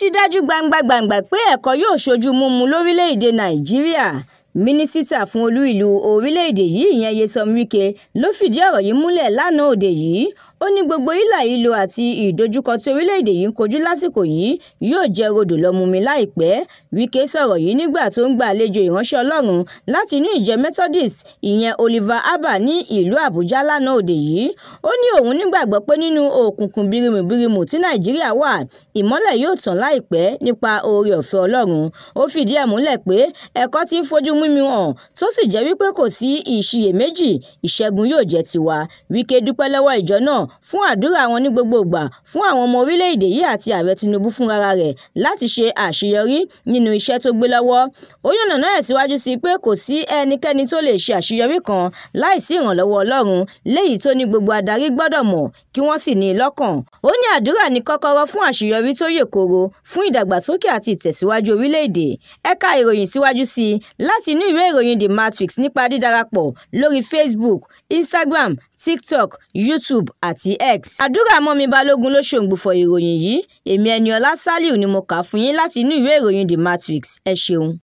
ti dájú gbangba-gbàǹgbà pé ẹ̀kọ́ yóò ṣojú múmu lórílẹ̀‐èdè nàíjíríà mínísítà fún olú ìlú orílẹ̀-èdè yìí ìyẹn Nyesom Wike ló fìdí ọ̀rọ̀ yìí múlẹ̀ lánàá òde yìí ó ní gbogbo hílàhílo àti ìdojúkọ tí orílẹ̀-èdè yìí ń kojú lásìkò yìí yóò jẹ́ rodò lọ́mumi láìpẹ́ Wike sọ̀rọ̀ yìí nígbà tó ń gba àlejò ìránṣẹ́ Ọlọ́run láti inú ìjẹ́ Methodist ìyẹn Oliver Abba ní ìlú Àbújá lánàá òde yìí ó ní òun nígbàgbọ́ pé nínú òkùnkùn birimùbirimù mímu hàn tó sì jẹ́ wípé kò sí ìṣiyèméjì ìṣẹ́gun yóò jẹ́ tiwa. Wike dúpẹ́ lọ́wọ́ ìjọ náà fún àdúrà wọn ní gbogbo ìgbà fún àwọn ọmọ orílẹ̀-èdè yìí àti ààrẹ Tinubu fúnra rẹ̀ láti ṣe àṣeyọrí nínú iṣẹ́ tó gbé lọ́wọ́. Ó yànnàná ẹ̀ síwájú sí pé kò sí ẹnikẹ́ni tó lè ṣe àṣeyọrí kan láìsí ìrànlọ́wọ́ Ọlọ́run léyìí tó ní gbogbo adarí gbọ́dọ̀ mọ̀ kí wọ́n sì ní i lọ́kàn. Ó ní àdúrà ní kọ́kọ́rọ́ fún àṣeyọrí tó yè kooro fún ìdàgbàsókè àti ìtẹ̀síwájú orílẹ̀-èdè. Ẹ̀ka ìròyìn síwájú sí i láti látinú ìwé ìròyìn The Matrix nípa dídarapọ̀ lórí Facebook, Instagram, TikTok, YouTube àti X. Àdúrà mọ́mi balógun ló ṣòǹgbùfọ̀ ìròyìn yìí, èmi Ẹniọlá Sálíù ni mo kà á fún yín látinú ìwé ìròyìn The Matrix. Ẹ ṣeun.